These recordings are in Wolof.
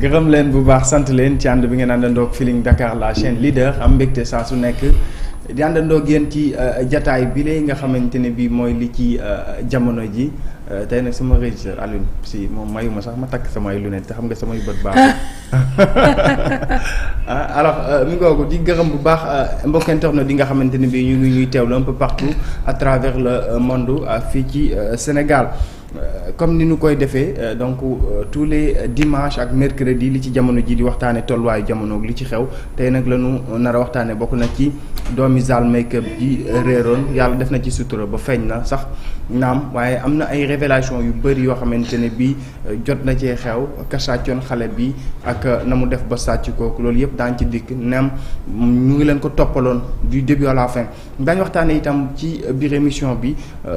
gërëm leen bu baax sant leen ci ànd bi ngeen àndandoog Feeling Dakar la chaîne leader am mbégte saa su nekk di àndandoog yéen ci euh, jataay bi lay nga xamante ne bii mooy li ci euh, jamono ji euh, tey nag sama régisseur Alioune si moom mayuma sax ma takk samay ne te xam nga samay bët baax ah, alors mi ngoogu di gërëm bu baax mbokk na di nga xamante ne bii ñu ngi ñuy teewlu un peu partout à travers le monde fii ci Sénégal Euh, comme ni nu koy defee euh, donc euh, tous les dimanches ak mercredi li ci jamono ji di waxtaane tolluwaayu jamono li ci xew tey nag la ñu nar a waxtaane bokk na ci doomi Zal make-up ji réeroon yàlla def na ci sutura ba feeñ na sax naam waaye am na ay révélation yu bëri yoo xamante ne bii euh, jot na cee xew ka sàccoon xale bi ak euh, na mu def ba sàcc kooku loolu yëpp daañ ci dikk naam mu ngi leen ko toppaloon du début à la fin daañ waxtaane itam ci euh, biir émission bi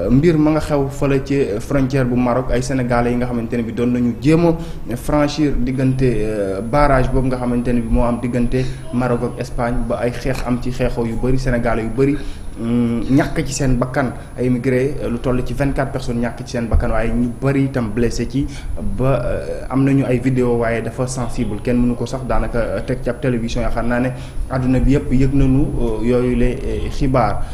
mbir ma nga xew fële ci frontière bu Maroc ay sénégalais yi nga xamante ne bi doon nañu jéem a franchir diggante barage boobu nga xamante ne bi moo am diggante Maroc ak Espagne ba ay xeex am ci xeexoo yu bëri sénégalais yu bëri Mm, ñàkk ci seen bakkan ay immigré euh, lu toll ci vingt quatre personnes ñàkk ci seen bakkan waaye ñu bëri itam blessé ci ba euh, am nañu ay vidéo waaye dafa sensible kenn mënu ko sax daanaka euh, teg ci ab télévision yaakaar naa ne àdduna bi yëpp yëg nañu yooyu la xibaar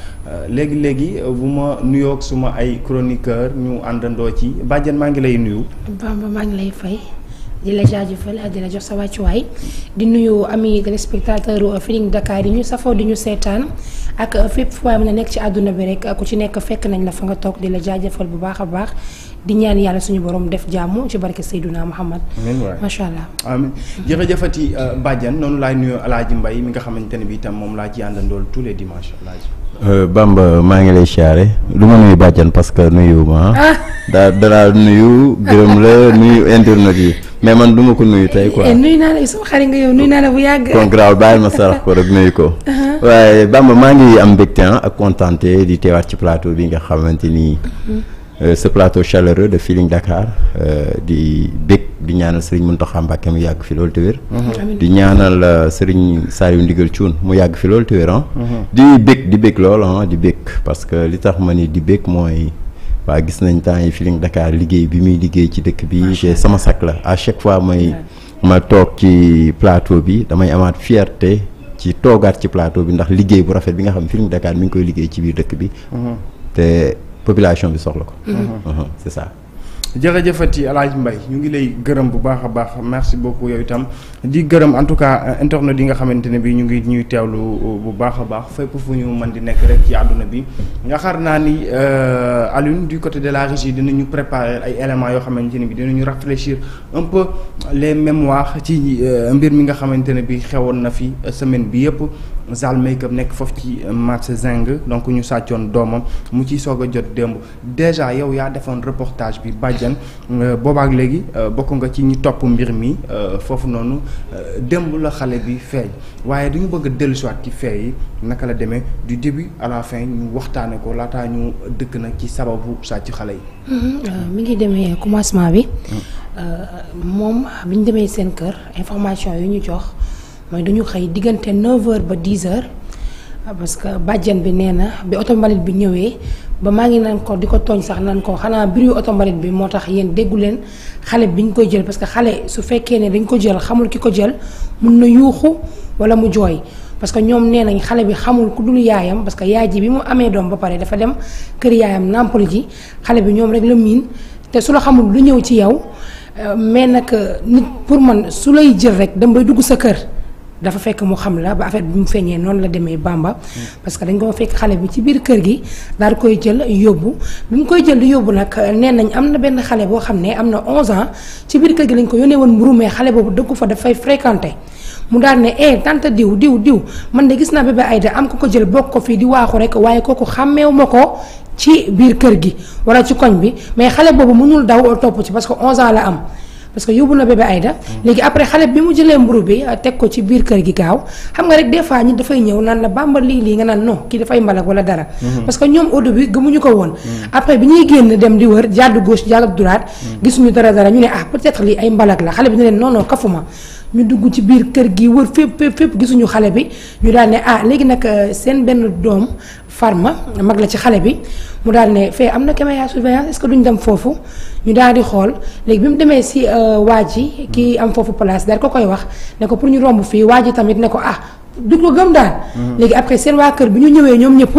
léegi léegi bu ma nuyoog suma ay chroniqueur ñu àndandoo ci bàjjen maa ngi lay nuyu. Bamba maa ngi lay fay. di la jaajëfal di la jox sa wàccuwaay di nuyu ami téléspectateur euh, Feeling Dakar yi ñu safoo di ñu seetaan ak euh, fépp fu waay mën a nekk ci àdduna bi rek ku ci nekk fekk nañ la fa nga toog di la jaajëfal bu baax a baax di ñaan yàlla suñu borom def jàmm ci barke Seydouna Muhammad macha allah amiin jërëjëfati euh, Badiane noonu laay nuyu Alaaji Mbay mi nga xamante ne bi itam moom laa ci àndandool tous les dimanches Alaaji Bamba maa ngi lay siyaare lu ma nuyu Badiane parce que nuyu ma ah. daa danaa nuyu gërëm la internet yi mais man duma ko nuyu tey quoi eh, nuyu naa kon grave bàyyil ma sarax ko rek nuyu ko. Uh-huh. waaye Bamba maa ngi am mbégte ah, ak contenté di teewaat ci plateau bi nga xamante ni. Uh-huh. Euh, ce plateau chaleureux de Feeling Dakar euh, di bég di ñaanal Serigne Mountakha Mbacké mu yàgg fi loolu te wér. Uh-huh. di ñaanal euh, Serigne Saliou Ndigal Thioune mu yàgg fi loolu te wér ah. di bég di bég lool ah, di bég parce que li tax ma ni di bég mooy. waa gis nañ temps yi Feeling Dakar liggéey bi muy liggéey ci dëkk bi te sama sac la à chaque fois may ma toog ci plateau bi damay amaat fierte ci toogaat ci plateau bi ndax liggéey bu rafet bi nga xam Feeling Dakar mi ngi koy liggéey ci biir dëkk bi mhm. te population bi soxla ko mhm. Mhm, c'est ça jërëjëfati El Hadj mbay ñu ngi lay gërëm bu baax a baax merci beaucoup yow itam di gërëm en tout cas euh, internet yi nga xamante ne bi ñu ngi ñuy teewlu euh, bu baax a baax fépp fu ñu man di nekk rek ci àdduna bi nga xar naa ni euh, Alioune du côté de la régie dinañu préparer ay éléments yoo xamante ne bi dinañu réfléchir un peu les mémoires ci mbir mi nga xamante ne bi xewoon na fi semaine bi yëpp Zal Makeup nekk foofu ci match zing donc ñu sàccoon doomam mu ciy soog a jot démb déjà yow yaa defoon Diagne euh, boobaak léegi euh, bokk nga ci ñi topp mbir mi euh, foofu noonu démb la xale bi feeñ waaye dañu bëgg a dellusiwaat ci fee yi naka la demee du début à fin ñu waxtaane ko laataa ñu dëkk nag ci sababu sàcc xale yi. Mhm, mi ngi demee commencement bi. Mhm. moom bi ñu demee seen kër information yu ñu jox mooy dañu xëy diggante 9h ba 10h. Ah, parce que bi nee na bi oto mbalit bi ñëwee ba maa ngi naan ko di ko tooñ sax naan ko xanaa biru oto mbalit bi moo tax yéen déggu leen xale bi ñu koy jël parce que xale su fekkee ne dañ ko jël xamul ki ko jël mun na yuuxu wala mu jooy parce que ñoom nee nañ xale bi xamul ku dul yaayam parce que yaay ji bi mu amee doom ba pare dafa dem kër yaayam nàmpal ji xale bi ñoom rek la miin te su la xamul lu ñëw ci yow euh, mais nag euh, nit pour man su lay jël rek dem bay dugg sa kër. dafa fekk mu xam la ba affaire bi mu feeñee noonu la demee Bamba. parce que dañ ko fekk xale bi ci biir kër gi daal koy jël yóbbu bi mu koy jël di yóbbu nag euh, nee nañ am na xale boo xam ne am na 11 ans ci biir kër gi lañ ko yónnee woon mburu mais xale boobu dëkku fa dafay fréquenté. mu daal ne eh tante diw diw diw man de gis naa bébé Aïda am ko ko jël bokk ko fii di waaxu rek waaye kooku xàmmeewu ma ko ci biir kër gi wala ci koñ bi mais xale boobu mënul daw topp ci parce que 11 ans la am. parce que yóbbu na bébé Aïda léegi après xale bi mu jëlee mburu bi euh, teg ko ci biir kër gi gaaw xam nga rek des fois ñi dafay ñëw naan la bamba lii lii nga naan non kii dafay mbalak wala dara mhm. parce que ñoom odo bi gëmuñu ko woon mhm. après bi ñuy génn dem di wër jàddu gauche jàddu droite mhm. gisuñu dara dara ñu ne ah peut-être lii ay mbalak la xale bi ne leen non non kafuma ñu dugg ci biir kër gi wër fépp fépp fépp gisuñu xale bi ñu daal ne ah léegi nag euh, seen benn doom Farma mag la ci xale bi mu daal ne fee am na caméra surveillance est-ce que duñ dem foofu ñu daal di xool léegi bi mu demee si euh, waa ji kii am foofu place daal ko koy wax ne ko pour ñu romb fii waaj ji tamit ne ko ah du ko gëm daal. Mhm. léegi après seen waa kër bi ñu ñëwee ñoom ñëpp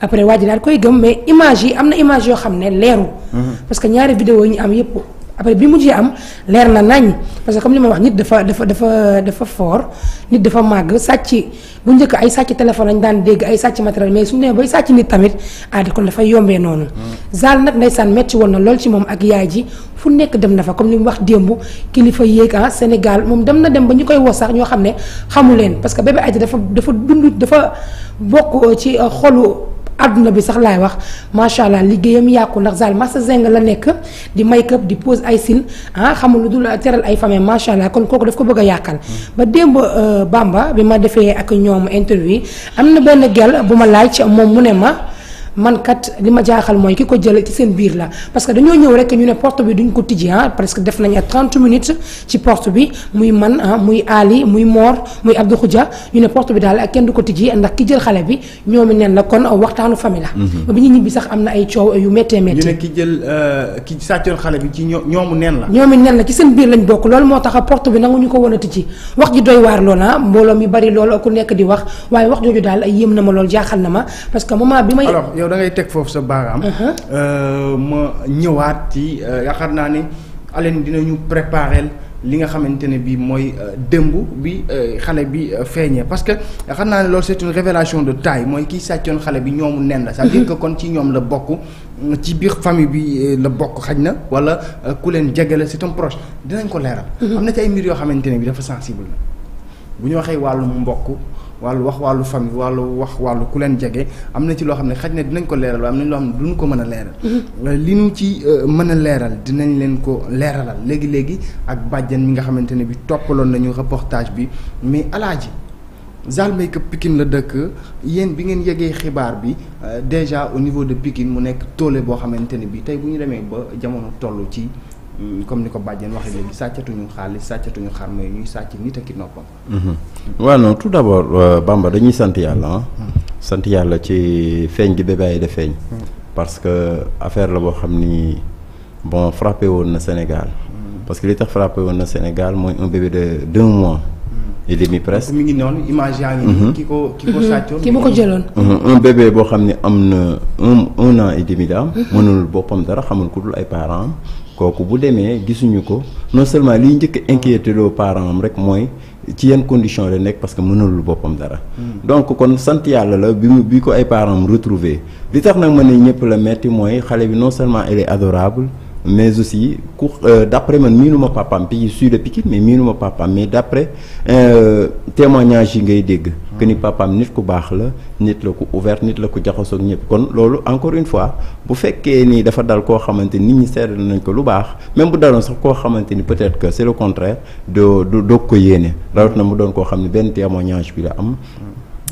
après waa ji daal koy gëm mais image yi am na image yoo xam ne leeru mhm. parce que ñaari vidéo yi ñu am yëpp. après bi mujjee am leer na nañ parce que comme li ma wax nit dafa dafa dafa dafa fort nit dafa màgg sàcc bu njëkk ay sàcc téléphone lañ daan dégg ay sàcc matériel mais suñu nee bay sàcc nit tamit ah kon dafay yombee noonu. Hmm. Zal nag ndeysaan metti woon na lool ci moom ak yaay ji fu nekk dem na fa comme li mu wax démb kilifa yéeg ah Sénégal moom dem na dem ba ñu koy woo sax ñoo xam ne xamu leen parce que bébé Aïda dafa dafa dund dafa bokk ci euh, xolu. àdduna bi sax laay wax macha allah liggéeyam yàqu ndax zaal massa zeng la nekk di make up di pose ay cils ah xamul lu dul teral ay famille macha allah kon kooku daf ko bëgg a yàqal. ba démb euh, Bamba bi ma defee ak ñoom interview am na benn gel bu ma laaj moom mu ne ma. man kat li ma jaaxal mooy ki ko jël ci seen biir la parce que dañoo ñëw rek ñu ne port bi duñ ko tijji ah presque def nañ ak 30 minutes bi muy man ah muy Ali muy Mor muy Abdou Khoudia ñu ne porte bi daal ak kenn du ko tijji ndax ki jël xale bi ñoomi neen la kon waxtaanu famille la. Mhm. ñu ñibbi sax am na ay coow yu méttee méttee. ñu ne ki jël euh, ki sàccoon xale bi ci ñoomu neen la. ñoomi neen la ci seen biir bokk loolu moo tax porte bi nangu ñu ko woon a tijji wax ji doy waar lool ah, mbooloo mi bari lool ku nekk di wax waaye wax jooju daal yéem na ma lool jaaxal na ma parce que moment bi may. yow teg foofu sa baaraam. Uh-huh. Euh, ma ñëwaat ci euh, yaakaar naa ne Aline dinañu préparer li nga xamante ne bii mooy euh, démb bi xale bi feeñee parce que xam naa ne loolu c'est révélation de taille mooy kii sàccoon xale bi ñoomu nen la cest à ko kon ci ñoom la bokk ci biir famille bi la bokk xaj na wala ku leen jege la c'est proche dinañ ko leeral uh-huh. am na ci ay mbir yoo xamante ne bi dafa sensible la bu ñu waxee wàllum mbokk wàllu wax wàllu famille wàllu wax wàllu ku leen jege am na ci loo xam ne xaj na dinañ ko leeral am na loo xam ne duñu ko mën a leeral mm-hmm. euh, li ñu ci euh, mën a leeral dinañ leen ko leeralal léegi-léegi ak bàjjan mi nga xamante ne bi toppaloon nañu reportage bi mais alaaji Zal Makeup la dëkk yéen bi ngeen yegee xibaar bi euh, déjà au niveau de Pikine mu nekk toole boo xamante ne bi tey bu ñu demee ba jamono toll ci Mm, comme ni ko bàjjeen waxee léegi sàccatuñu xaalis sàccatuñu xar mooy ñuy sàcc nit ak i noppam. waaw mhm. non tout d'abord euh, Bamba dañuy sant yàlla mm. sant yàlla ci feeñ gi bébé de feeñ. Mm. parce que affaire la boo xam ni bon frappé woon na Sénégal. parce que li tax frappé woon na Sénégal mooy un bébé de deux mois. et demi presque mi ngi noonu image yaa ngi. Mhm. ki ko ki ko mhm. sàccoon ki ma ko jëloon. un bébé boo xam ne am na un un an et demi daam mënul boppam dara xamul ku dul ay kooku bu demee gisuñu ko non seulement liy njëkk a inquiété loo parent am rek mooy ci yenn condition la nekk parce que mënalul boppam dara. Hmm. donc kon sant yàlla la bi mu bi ko ay parents am retrouvé li tax nag ma ne ñëpp la metti mooy xale bi non seulement elle est adorable. mais aussi ku euh, d'après man miinuma papaam bi suis de Pikine mais miinuma papaam mais d'après euh, témoignage yi ngay dégg que ni papaam nit ku baax la nit la ku ouvert nit la ku jaxasoog ñëpp kon loolu encore une fois bu fekkee ni dafa dal koo xamante nit ñi seedal nañ ko lu baax même bu daloon sax koo xamante ni peut-être que c'est le contraire doo doo ko yéene rawat na mu doon koo xam ne benn témoignage bi la am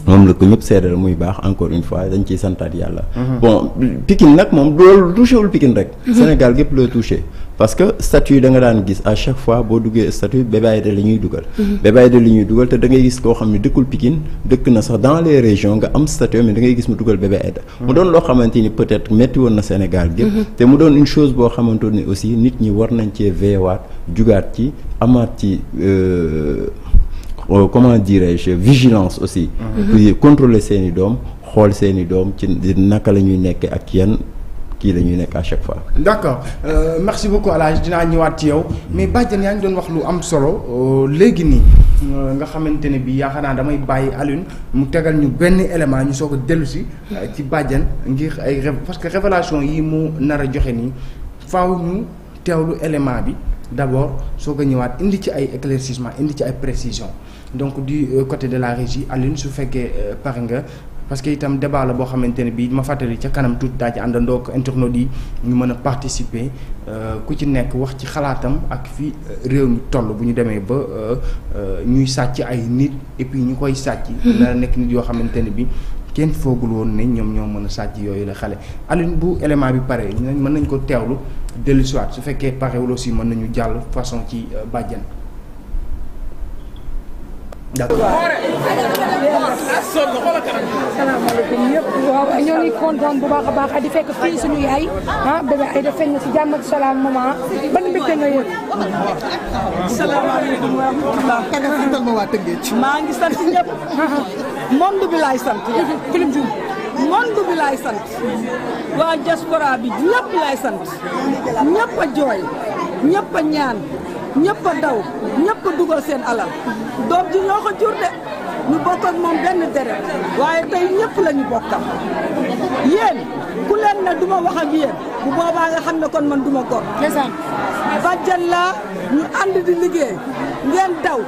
moom la ko ñëpp seedal muy baax encore une fois dañ ciy santaat yàlla. Mhm. bon Pikine nag moom loolu touché wul Pikine rek. Mhm. Sénégal gépp loo touché. parce que statut danga daan gis à chaque fois boo duggee statut Bébé Aïda li ñuy dugal. Mhm. Bébé Aïda la ñuy dugal te da gis koo xam ne dëkkul Pikine dëkk na sax dans les régions nga am statut mais da ngay gis mu dugal Bébé Aïda. mu doon loo xamante ni peut-être métti woon na Sénégal gépp te mu doon une chose boo xamante ni aussi nit ñi war nañ cee veewaat jugaat ci amaat ci. Euh, Euh, comment dirais-je vigilance aussi. Mhm. pour contrôler seen doom xool seeni doom ci naka la ñuy nekkee ak yan kii la ñuy nekk a chaque fois. d'accord euh, merci beaucoup El Hadj dinaa ñëwaat ci yow. mais Badiane yaa ngi doon wax lu am solo euh, léegi nii. Euh, nga xamante ne bi yaakaar naa damay bàyyi Alioune mu tegal ñu benn élément ñu soog a dellu si ci Badiane ngir ay parce que révélation yi mu nar a joxe nii faw ñu teewlu élément bi d'abord soog a ñëwaat indi ci ay éclaircissement indi ci ay précision donc du euh, côté de la régie Aline su fekkee euh, pare nga parce que itam débat la boo xamante ne bii ma fàttali ca kanam tuuti daa ci àndandoo ak internautes yi ñu mën a participer euh, ku ci nekk wax ci xalaatam ak fi réew mi toll bu ñu demee ba ñuy sàcc ay nit et puis ñu koy sàcc. Mm-hmm. dana nekk nit yoo xamante ne bi kenn foogul woon ne ñoom ñoo mën a sàcc yooyu la xale. Aline bu élément bi pare mën nañ ko teewlu dellusiwaat su fekkee parewul aussi mën nañu jàll façon ci bàjjan. salaamaaleykum ñëpp waaw ñoo ngi kontaan bu baax a baax di fekk fii suñu yaay ah bébé ay def feeñ si jàmm salaam maman ban mbégte nga yëg. salaamaaleykum wa rahmatulah. nga waa Tëngéej. maa ngi sant ñëpp. monde bi laay sant. film jum monde bi laay sant. waa diaspora bi ñëpp laay sant. ñëpp a jooy. ñëpp a ñaan. ñëpp a daw ñëpp a seen alal doom ji ko jur de ñu bokk ak moom benn deret waaye tey ñëpp la ñu bokkal yéen ku leen du ma wax bu boobaa nga xam ne kon man du ma gor bàjjan laa ñu ànd di liggéey ngeen daw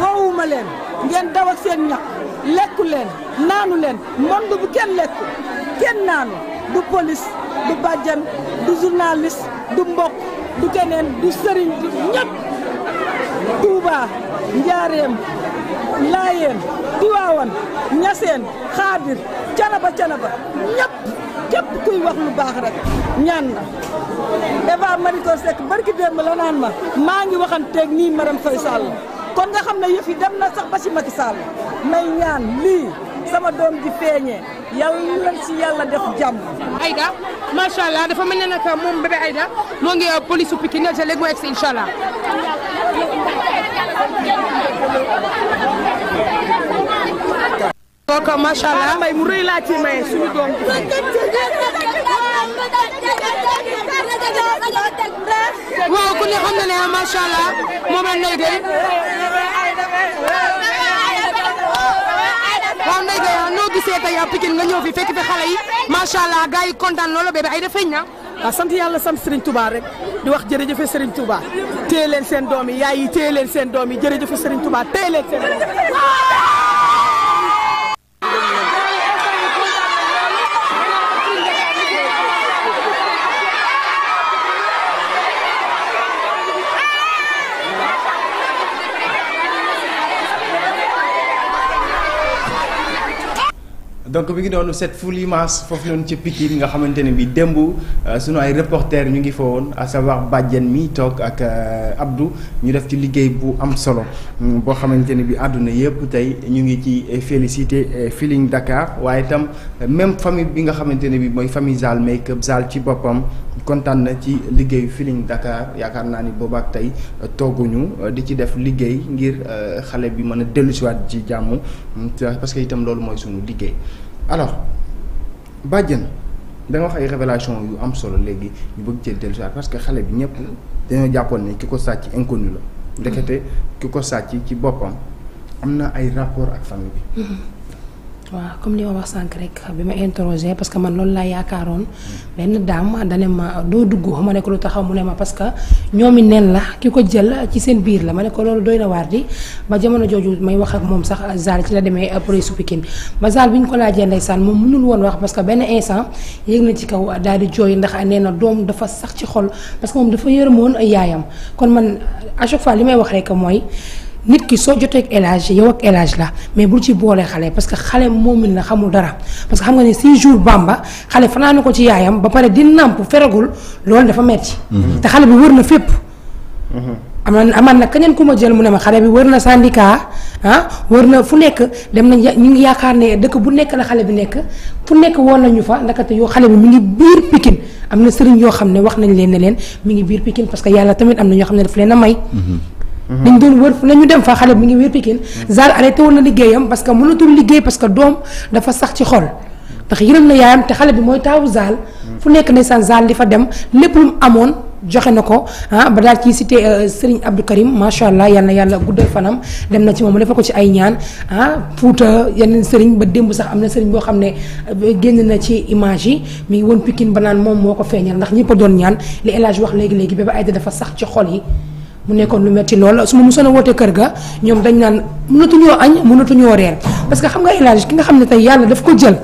woowuma leen ngeen daw ak seen ñaq lekku leen naanu leen mbond bu kenn lekku kenn naanu du police du bàjjan du journaliste du mbokk du keneen du sëriñ du ñëpp Touba Njaareem Laayeen Tiwaawan Ñaseen Xaadir Canaba Canaba ñëpp képp kuy wax lu baax rek ñaan Eva Marie Coll Seck la naan ma maa ngi waxanteeg nii Maram Faye Sall kon nga xam ne yëf dem na sax ba ci Macky may ñaan lii sama doom ji feeñee yàlla ci yàlla def jàmm. Aïda macha allah dafa mel ne nag moom bébé Aïda moo ngi euh, police su Pikine te mu egg si incha kooka macha allah mbay mu rëy laa moom ah, la Ndeye Gueye. waaw Ndeye ah, nga ñëw fi fekk fi xale yi allah gars yi kontaan loolu bébé ay def feeñ na. waaw ah, sant yàlla sant Serigne Touba di wax jërëjëf Serigne Touba. téye leen seen doom yi yaay yi téye leen seen doom yi jërëjëf Serigne Touba téye leen seen donc bi ngi doonu cette foule immense foofu noonu ci Pikine nga xamante ne bi démb euh, sunu ay reporter ñu ngi fa woon à savoir Badiane mi toog ak euh, abdu ñu def ci liggéey bu am solo mm, boo xamante ne bi àdduna yëpp tey ñu ngi ci euh, félicité Feeling Dakar waaye itam même famille bi nga xamante ne bi mooy famille Zal Make-up Zal ci boppam kontaan na ci liggéeyu Feeling Dakar yaakaar naa ni boobaak tey euh, tooguñu euh, di ci def liggéey ngir euh, xale bi mën a dellusiwaat ci jàmm hmm, parce que itam loolu mooy suñu liggéey alors bàjjen da wax ay révélation yu am solo léegi ñu bëgg cee dellusiwaat parce que xale bi ñëpp dañoo jàppoon ne ki ko sàcc inconnu la ndekete ki ko sàcc ci boppam am na ay rapport ak famille bi mm-hmm. waaw comme li ma wax sànq rek bi ma interrogé parce que man loolu laa yaakaaroon benn daam dane ma doo dugg ma ne ko lu taxaw mu ne ma parce que ñoomi neen la ki ko jël ci seen biir la ma ne ko loolu doy na waar di ba jamono jooju may wax ak moom sax zaal ci la demee euh, police Pikine ba zaal bi ñu ko laajee ndeysaan moom mënul woon wax parce que benn instant yéeg na ci kaw daal di jooy ndax nee na doom dafa sax ci xol parce que moom dafa yërëmoon yaayam kon man a chaque li may wax rek mooy nit ki soo jotee ak élage yow ak la mais bul ci boolee xale parce que xale moomil na xamul dara parce que xam nga ne six jours bamba xale fanaanu ko ci yaayam ba pare di nàmp feragul loolu dafa metti mhm. te xale bi wër na fépp mhm. aman aman nag keneen ku ma jël mu ne ma xale bi wër na syndicat ah wër na fu nekk dem nañ ñu ngi yaakaar ne dëkk bu nekk la xale bi nekk fu nekk woon nañu fa ndakate yoo xale bi mu ngi biir Pikine am na sëriñ yoo xam ne wax nañ leen ne leen mi ngi biir Pikine parce que yàlla am na ñoo xam ne daf leen a may mhm. Mm-hmm. dañ doon wër fu ne ñu dem fa xale bi ngi wér Pikine mm-hmm. Zale arrêté woon na liggéeyam parce que mënatul liggéey parce que doom dafa sax ci xol ndax yërëm na yaayam xale bi mooy taawu Zale mm-hmm. fu nekk ndeysaan Zale di fa dem lépp lu amoon joxe na ko ah ba daal ciy cité euh, Serigne Abdou Karim macha allah yal na yàlla guddal fanam dem na ci moom defal ko ci ay ñaan ah Fuuta yenn Serigne ba démb sax am na Serigne boo xam ne euh, génn na ci image yi mu ngi woon pikin ba naan moom moo ko feeñal ndax ñëpp a doon ñaan li El wax léegi léegi ba ba de dafa sax ci xol yi. mu nekkoon lu metti lool su ma mosoon a wootee kër ga ñoom dañ naan mënatuñoo añ mënatuñoo reer parce que xam nga élage ki nga xam ne tey yàlla daf ko jël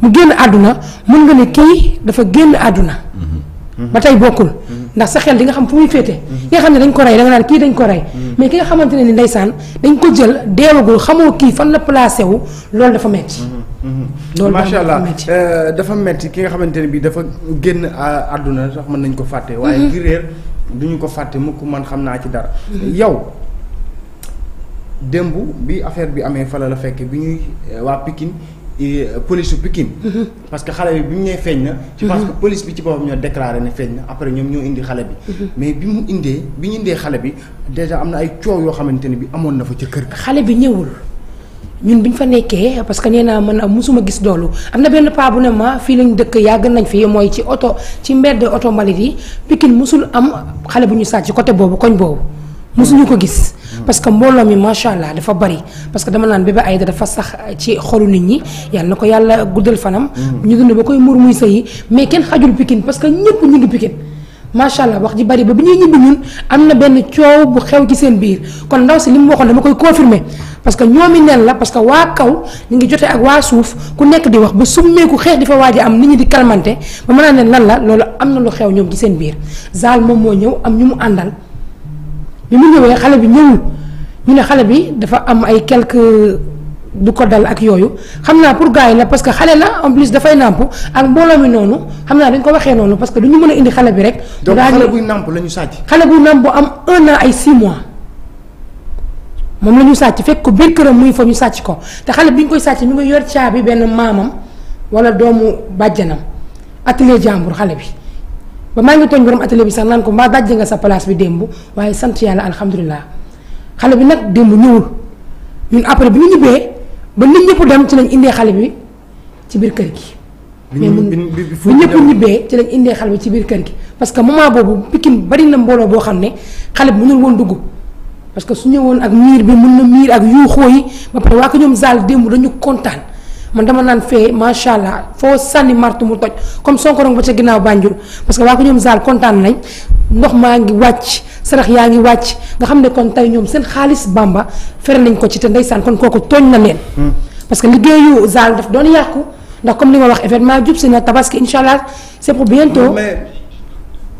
mu génn àdduna mun nga ne kii dafa génn àdduna mm-hmm. ba tey bokkul mm-hmm. ndax sa xel di nga xam fu muy féete ki nga xam ne dañ ko rey da nga kii dañ ko rey mm-hmm. mais ki nga xamante ne ni ndeysaan dañ ko jël deewagul xamoo kii fan la placé wu loolu dafa metti loolu macha allah euh, dafa metti ki nga xamante ne bi dafa génn euh, àdduna sax mën nañ ko fàtte waaye ki réer duñu ko fàtte mukk man xam naa ci dara. Mm-hmm. yow démb bi affaire bi amee fala la fekk bi ñuy euh, waa Pikine euh, police bu Pikine. Mm-hmm. parce que xale bi bi mu nee feeñ na. ci pense mm-hmm. que police bi ci boppam ñoo déclaré ne feeñ na après ñoom ñoo indi xale bi. mais bi mu indee bi ñu indee xale bi déjà am na ay coow yoo xamante ne bi amoon na fa ca kër ga. xale bi ñëwul. ñun bi ñu fa nekkee parce que nee naa man musuma gis doolu am na benn paa bu ne ma fii lañ dëkk yàgg nañ fi mooy ci oto ci mbedd oto mbalit yi Pikine mosul am xale bu ñu sàcc côté boobu koñ boobu musuñu ko gis. parce que mbooloo mi macha allah dafa bari parce que dama naan Bébé Aïda dafa sax ci xoru nit ñi yàlla na ko yàlla guddal fanam. Mm. ñu dund ba koy mur muy sëyi mais kenn xajul Pikine parce que ñëpp ñu ngi Pikine. macha allah wax ji bari ba bi ñuy ñibbi ñun am na benn coow bu xew ci seen biir kon ndaw si li mu waxoon dama koy confirmer parce que ñoomi neen la parce que waa kaw ñu ngi jote ak waa suuf ku nekk di wax ba summeeku xeex di fa waaj am nit ñi di kalmante ba mën naa ne lan la loolu am na lu xew ñoom ci seen biir zaal moom moo ñëw am ñu mu àndal bi mu ñëwee xale bi ñëwul ñu ne xale bi dafa am ay quelque du ko dal ak yooyu xam naa pour gars yi la parce que xale la en plus dafay nàmp ak mbooloo noonu xam naa dañ ko waxee noonu parce que du ñu mën a indi xale bi rek. donc xale buy nàmp la ñu sàcc. xale buy nàmp bu am un ay six mois moom la ñu sàcc fekk ko benn këram muy fa ñu sàcc ko te xale bi ñu koy sàcc ñu ngi yor caabi benn maamam wala doomu bàjjanam atelier jàmbur xale bi. ba maa ngi tooñ borom atelier bi sax naan ko maa dajje nga sa place bi démb waaye sant yàlla alhamdulilah xale bi nag démb ñëwul ñun après bi ñu ñibbee ba nit ñëpp dem ci lañ indee xale bi ci biir kër gi. mais mun bu ñëpp ñibbee ci lañ indee xale bi ci biir kër gi parce que moment boobu Pikine bari na mbooloo boo xam ne xale bi mënul woon dugg parce que su ñëwoon ak miir bi mun na miir ak yuuxoo yi ba pare waa ko ñoom zaal démb dañu kontaan. man dama naan fee macha allah foo sànni martu mu toj comme sonkorong ba ca ginnaaw Banjul parce que waa ko ñoom zaal kontaan nañ ndox maa ngi wàcc sarax yaa ngi wàcc nga xam ne kon tey ñoom seen xaalis bamba fere nañ ko ci te ndeysaan kon kooku tooñ na leen. Hmm. parce que liggéeyu zaal daf doon yàqu ndax comme li ma wax événement jub si na tabaski incha allah c'est pour bientôt. mais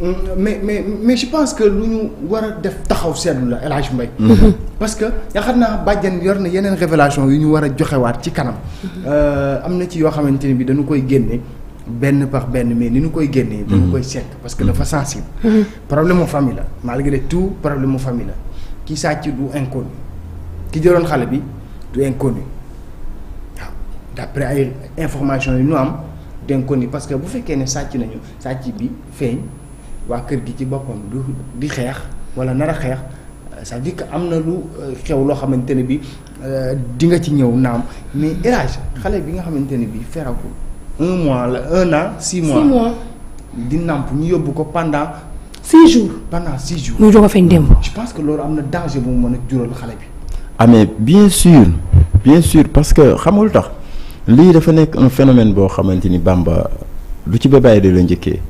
Euh, mais mais mais je pense que lu ñu war a def taxaw seetlu la El Hadj Mbaye mhm. Mhm. parce que xam naa bàjjan yor na yeneen révélation yu ñu war a joxewaat ci kanam. Mhm. Euh, am na ci yoo xamante ne bi dañu koy génne benn pax benn mais ni ñu koy génnee. dañu koy sekk parce que dafa sensible. problème mu famille la malgré tout problème mu famille la ki sàcc du inconnu ki jëloon xale bi du inconnu waaw d'après ay information yu nu am du inconnu parce que bu fekkee ne sàcc nañu sàcc bi feeñ. waa kër gi ci boppam du di xeex wala nar a xeex cest à que am na lu euh, xew loo xamante ne bi euh, di nga ci ñëw naam mais érage xale bi nga xamante ni bi ferakul un mois la un an six mois six di nàmp ñu yóbbu ko pendant six jours pendant six jours ñu jóg feeñ démb je pense que loolu am na danger bu mu mën a jural xale bi ah mais bien sûr bien sûr parce que xamul tax lii dafa nekk un phénomène boo xamante ni Bamba lu ci ba bébàyyi de la njëkkee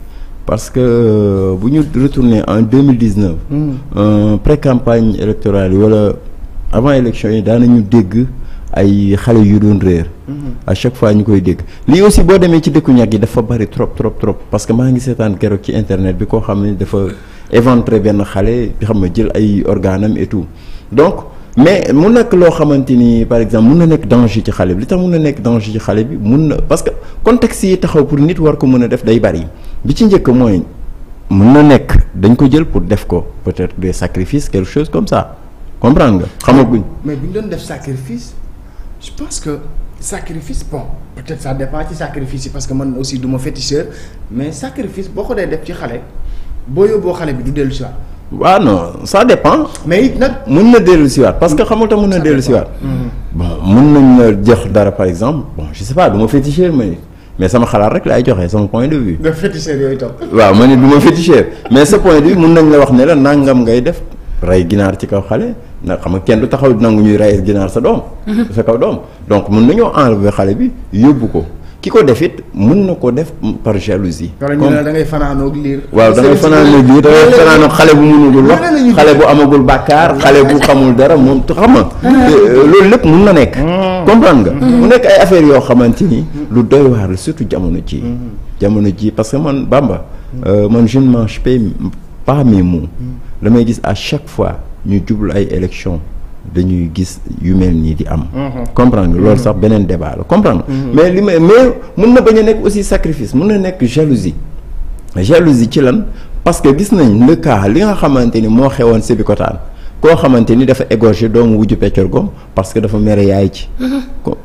parce que euh, bu ñu retourner en deux mille dix neuf. Hmm. Euh, pré campagne électorale yi wala avant élection yi ñu dégg ay xale yu doon réer. Hmm. à chaque fois ñu koy dégg lii aussi boo demee ci dëkku ñag yi dafa bari trop trop trop parce que maa ngi seetaan keroog ci internet bi koo xam ne dafa éventré benn xale bi xam nga jël ay organam et tout donc. mais mu nekk loo xamante ni par exemple mun na nekk danger ci xale bi li tax mun na nekk danger ci xale bi mun na parce que contexte yi taxaw pour nit war ko mën a def day bari bi ci njëkk mooy mën na nekk dañ ko jël pour def ko peut-être des sacrifices quelque chose comme ça comprendre nga xamaguñ. Ah, mais bu ñu doon def sacrifice je pense que sacrifice bon peut-être ça dépend ci sacrifice yi parce que man aussi du ma féticheur mais sacrifice boo ko dee def ci xale boo yóbboo xale bi du dellu si waat. waaw ah non ça dépend. mais nag mën na dellu si waat parce que xamul ta mën na dellu si waat. Mm-hmm. bon mën nañ la jox dara par exemple bon je sais pas du ma féticheur mais sama xalaat rek laay joxe sama point de vue. nga féticheur yooyu tam. waaw ma ne du ma mais sa point de vue mun nañ la wax ne la nangam ngay def rey ginaar ci kaw xale ndax xam nga kenn du taxaw nangu ñuy rey ginaar sa doom. sa kaw doom donc mun nañoo enlever xale bi yóbbu ko. ci ko def it mën na ko def par jalousie. comme da ngay fanaanoog liir. waaw da ngay liir da ngay xale bu mënugul wax xale bu amagul bàkkaar xale bu xamul dara moom xam nga. Eh, eh, loolu lépp mën na nekk. Mm. comprendre nga. Mm. mu nekk ay affaires yoo xamante ni. lu doy waar surtout jamono ji mm. jamono jii parce que man Bamba. Euh, man je ne mange pas mes damay gis à chaque fois ñu jublu ay élections. dañuy gis yu mel nii di am. Mhm. comprendre nga loolu mhm. sax beneen débat la mhm. mais li mais mais mun na bañ a nekk aussi sacrifice mun na nekk jalousie jalousie ci lan parce que gis nañ le li nga xamante ni moo xewoon Sébikotane boo xamante ni dafa égorger doomu wujju peccorgom parce que dafa mere yaay ci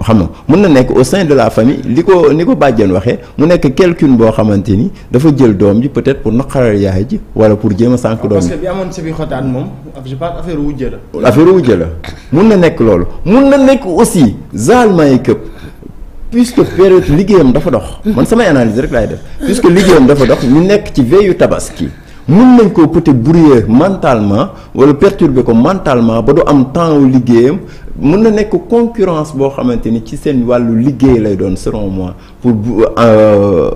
xam nga mun na nekk au de la famille li ko ni ko bàjjen waxee mu nekk quelqu'un boo xamante ni dafa jël doom ji peut-être pour naqaral yaay ji wala pour jéem a sànk doom ji parce que bi amoon sa xotaan moom je parle affaire wujje la affaire wujje la mun na nekk loolu mun na nekk aussi yi këpp puisque période liggéeyam dafa dox man samay analyse rek laay def puisque liggéeyam dafa dox ñu nekk ci veillu tabaski mun nañ koo peut-être brouiller wala perturber ko mantalement ba du am temps wu liggéeyam mun na nekk concurrence boo xamante ni ci seen wàllu liggéey lay doon selon mois pour euh,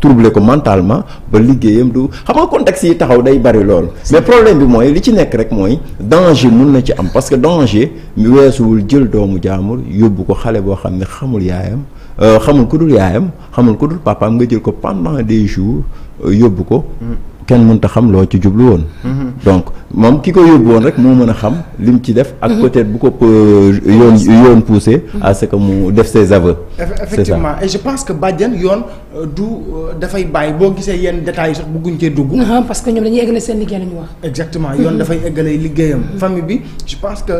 troubler ko mantalement ba liggéeyam du xam nga contexte yi taxaw day bari lool. mais problème bi mooy li ci nekk rek mooy danger mun na ci am parce que danger mi weesuwul jël doomu jaamur yóbbu ko xale boo xam ne xamul yaayam euh, xamul ko dul yaayam xamul ko dul papaam nga jël ko pendant des jour euh, yóbbu ko. Mm. kenn mënta xam loo ci jublu woon. Mhm. donc moom ki ko yóbbu woon rek moo mën a xam lim ci def. ak mhm. peut bu ko euh, yoon yoon poussé. à ce que mu def ses aveux. effectivement et je pense que bàjjan yoon euh, du euh, dafay bàyyi boo gisee yenn détails sax bëgguñ cee dugg. Ah, parce que ñoom dañuy eggale seen liggéey la ñu wax. exactement yoon mhm. dafay eggale liggéeyam. famille bi je pense que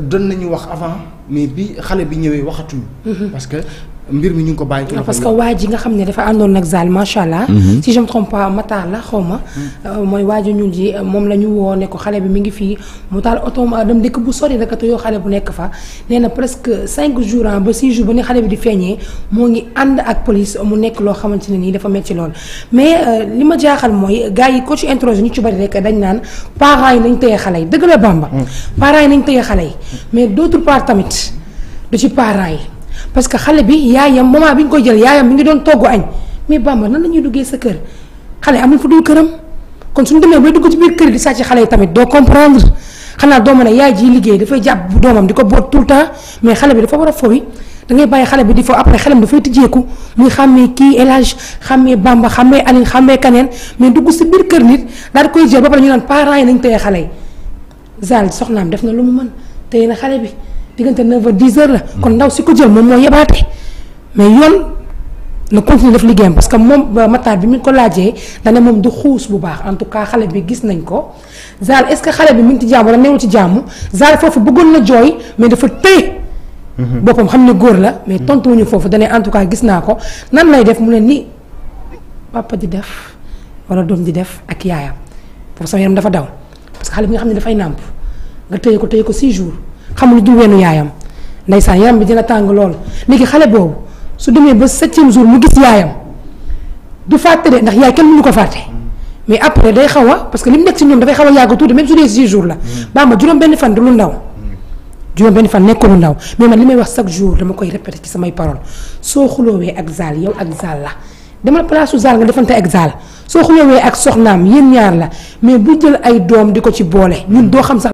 doon nañu wax avant mais bi xale bi ñëwee waxatuñu. parce que mbir mi ñu ngi ko bàyyi. parce que waa ji nga xam ne dafa àndoon nag Zal macha allah. Mhm. si je me trompe la xaw ma. Mhm. Euh, mooy waaju ji ñun euh, ji moom la ñu woo ne ko xale bi mi ngi fii mu taal otoom dem dëkk bu sori rek te yoo xale bu nekk fa nee na presque cinq jours ah, ba six jours ba ni xale bi di feeñee moo ngi ànd ak police mu nekk loo xamante ne nii dafa metti lool. mais euh, li ma jaaxal mooy gars yi ko ci interroger ñu ci bari rek dañ naan parents yi nañ tëye xale yi dëgg la Bamba. Mhm. parents yi nañ tëye xale yi mais d'autre part tamit du ci parents yi. parce que xale bi yaayam moment bi ñu koy jël yaayam mi ngi doon togg añ mais Bamba nan la duggee sa kër xale amul fu dul këram kon suñu demee bay dugg ci biir kër di sàcc xale yi tamit doo comprendre xanaa doo mën a liggéey dafay jàpp doomam di ko boot le temps mais xale bi dafa war a fowi xale bi di fo après xelam dafay tijjeeku muy xàmmee kii El Hadj xàmmee Bamba xàmmee Aline xàmmee kaneen mais dugg si biir kër nit daal di koy jël ba pare ñu naan yi nañ téye xale yi soxnaam def na lu mu mën te na xale bi diggante 9 heures 10 heures la. kon ndaw si ko jël moom moo yebaate mais yoon na continuer def liggéeyam parce que moom euh, Matar bi mu ko laajee dana moom du xuus bu baax en tout cas xale bi gis nañ ko Zal est-ce que xale bi mu ngi ci jàmm wala newul ci jàmm Zal foofu bëggoon na jooy mais dafa tëye. Mhm. boppam xam ne góor la mais mhm. tontuwuñu foofu dane en tout cas gis naa ko nan lay def mu ne ni papa di def wala doom di def ak yaayam pour sama yaram dafa daw parce que xale bi nga xam ne dafay nàmp nga tëye ko tëye ko 6 jours. xamul du weenu yaayam ndeysaan yaram bi dina tàng lool léegi xale boobu su demee ba septième jour mu gis yaayam du fàtte de ndax yaay kenn mënu ko fàtte mais après day xaw a parce que li mu nekk si ñoom dafay xaw a yàgg tuuti même su dee six jours la mm. baa ma juróom benn fan du lu ndaw mm. juróom benn fan nekkul ndaw mais man li may wax chaque jour dama koy répété ci samay parole soo xuloowee ak zaal yow ak zaal la demal palaasu zaal nga defante ak zaal soo xuloowee ak soxnaam yéen ñaar la mais bu jël ay doom di ko ci boole ñun doo xam sax